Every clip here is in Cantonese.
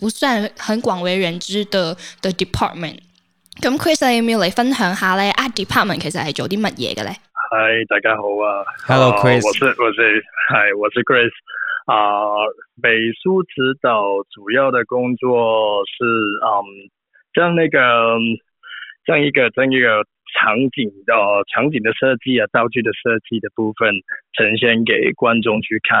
不算很廣為人知的的 department。咁 Chris，你有冇嚟分享下咧？啊，department 其實係做啲乜嘢嘅咧？係大家好啊，Hello，Chris，我、uh, 是我是，係我是 Grace。啊，uh, 美術指導主要的工作是，嗯，將那個將一個將一個場景的場景的設計啊，道具的設計的部分呈現給觀眾去看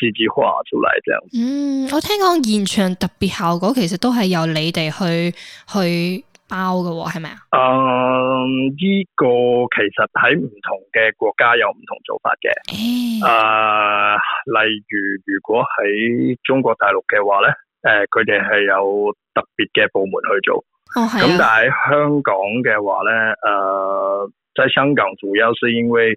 自己畫出嚟，這樣嗯，我聽講現場特別效果其實都係由你哋去去包嘅，係咪啊？嗯，呢個其實喺唔同嘅國家有唔同做法嘅。誒、欸呃，例如如果喺中國大陸嘅話咧，誒、呃，佢哋係有特別嘅部門去做。哦，係、啊。咁但喺香港嘅話咧，誒、呃，在香港主要是因為。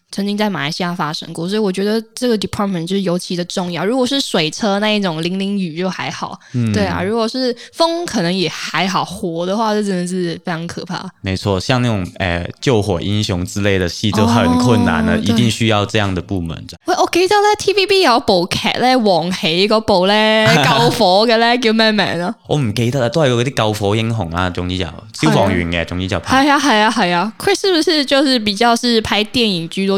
曾經在馬來西亞發生過，所以我覺得這個 department 就是尤其的重要。如果是水車那一種淋淋雨就還好，嗯、對啊。如果是風，可能也還好活的話，這真的是非常可怕。沒錯，像那種誒、呃、救火英雄之類的戲就很困難了，哦，一定需要這樣的部門。喂，我記得咧 TVB 有部劇咧，王喜嗰部咧救火嘅咧，的 叫咩名啊？我唔記得啦，都係嗰啲救火英雄啊，總之就消防員嘅，總之就。係啊，係啊，係啊。Chris 不是就是比較是拍電影居多。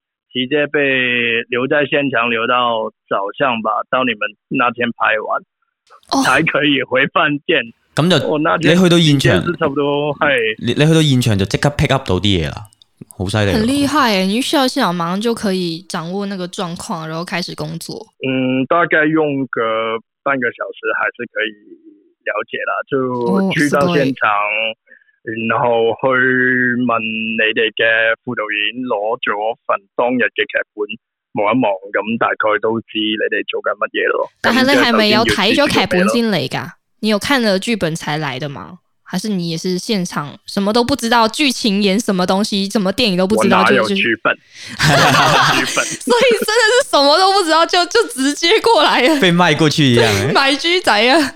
直接被留在現場，留到早上吧，到你們那天拍完，才可以回飯店。咁、哦、就，那就你去到現場，就是、差不多係你你去到現場就即刻 pick up 到啲嘢啦，好犀利。很厲害誒、嗯，你需要現場馬上就可以掌握那個狀況，然後開始工作。嗯，大概用個半個小時還是可以了解啦，就去到現場。哦然後去問你哋嘅副導演攞咗份當日嘅劇本望一望，咁、嗯、大概都知道你哋做緊乜嘢咯。但係你係咪有睇咗劇本先嚟噶？你有看了劇本才來的嗎？還是你也是現場什麼都不知道，劇情演什麼東西，什麼電影都不知道？我哪有劇本？ 所以真的是什麼都不知道，就就直接過嚟，被賣過去一樣， 賣豬仔啊！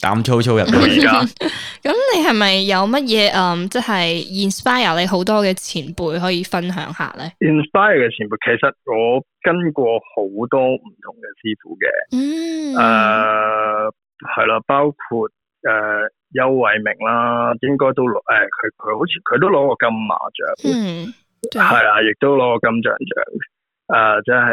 膽粗粗入去嚟噶，咁你係咪有乜嘢即係 inspire 你好多嘅前輩可以分享下咧？inspire 嘅前輩，其實我跟過好多唔同嘅師傅嘅，嗯，誒、呃，係啦，包括誒、呃、邱偉明啦，應該都攞，誒、哎，佢佢好似佢都攞過金馬獎，嗯，係啦亦都攞過金像獎。誒、呃，即係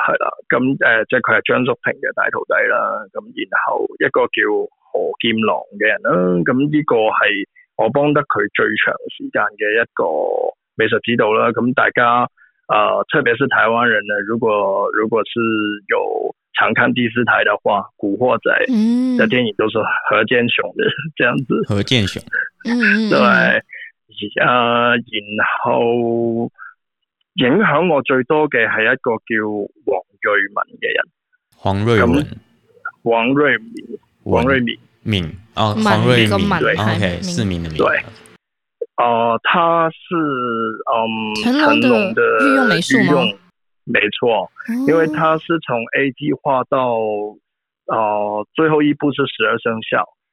係啦，咁誒、嗯呃，即係佢係張叔平嘅大徒弟啦，咁然後一個叫何劍龍嘅人啦，咁呢個係我幫得佢最長時間嘅一個美術指導啦，咁大家誒、呃，特別是台灣人啊，如果如果是有常看第四台嘅話，古惑仔嘅電影都是何劍雄嘅，這樣子何熊。何劍雄，嗯，都係，啊，然後。影響我最多嘅係一個叫黃瑞文嘅人。黃瑞文，黃瑞明，黃瑞明，明啊、哦哦，黃瑞明，對，係明嘅明。對，啊、呃，他是嗯，成龍的御用美術嗎？沒錯、嗯，因為他是從 A 計劃到，啊、呃，最後一部，是十二生肖。